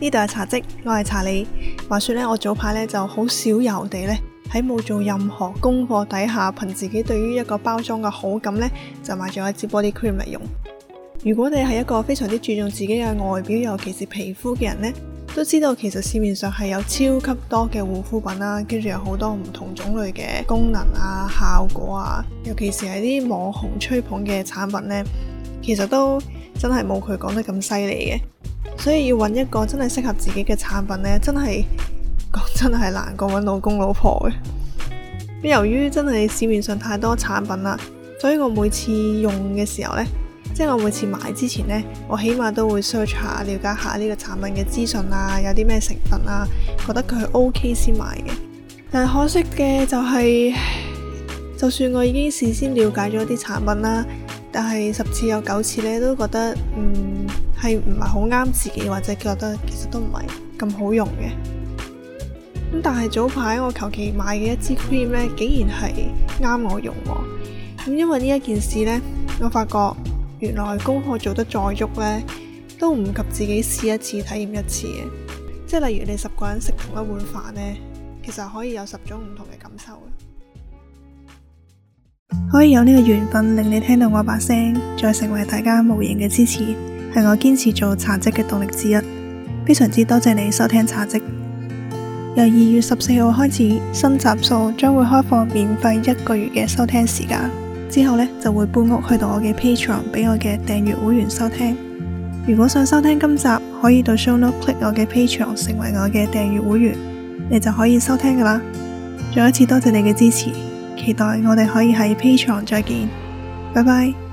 呢度係茶嘖，我係查理。話說咧，我早排咧就好少油地咧，喺冇做任何功課底下，憑自己對於一個包裝嘅好感咧，就買咗一支 body cream 嚟用。如果你係一個非常之注重自己嘅外表，尤其是皮膚嘅人咧，都知道其實市面上係有超級多嘅護膚品啦，跟住有好多唔同種類嘅功能啊、效果啊，尤其是係啲網紅吹捧嘅產品咧，其實都真係冇佢講得咁犀利嘅。所以要揾一個真係適合自己嘅產品呢，真係講真係難過揾老公老婆嘅。 由於真係市面上太多產品啦，所以我每次用嘅時候呢，即係我每次買之前呢，我起碼都會 search 下了解下呢個產品嘅資訊啊，有啲咩成分啊，覺得佢 OK 先買嘅。但係可惜嘅就係，就算我已經事先了解咗啲產品啦，但係次有九次咧，都覺得嗯，係唔係好啱自己，或者覺得其實都唔係咁好用嘅。咁但係早排我求其買嘅一支 cream 咧，竟然係啱我用喎。咁、嗯、因為呢一件事呢，我發覺原來功課做得再足呢，都唔及自己試一次體驗一次嘅。即係例如你十個人食同一碗飯呢，其實可以有十種唔同嘅感受。可以有呢個緣分令你聽到我把聲，再成為大家無形嘅支持，係我堅持做茶職嘅動力之一。非常之多謝你收聽茶嘖。由二月十四號開始，新集數將會開放免費一個月嘅收聽時間，之後呢，就會搬屋去到我嘅 Patreon 俾我嘅訂閱會員收聽。如果想收聽今集，可以到 show note click 我嘅 Patreon 成為我嘅訂閱會員，你就可以收聽噶啦。再一次多謝你嘅支持。期待我哋可以喺 Patreon 再見，拜拜。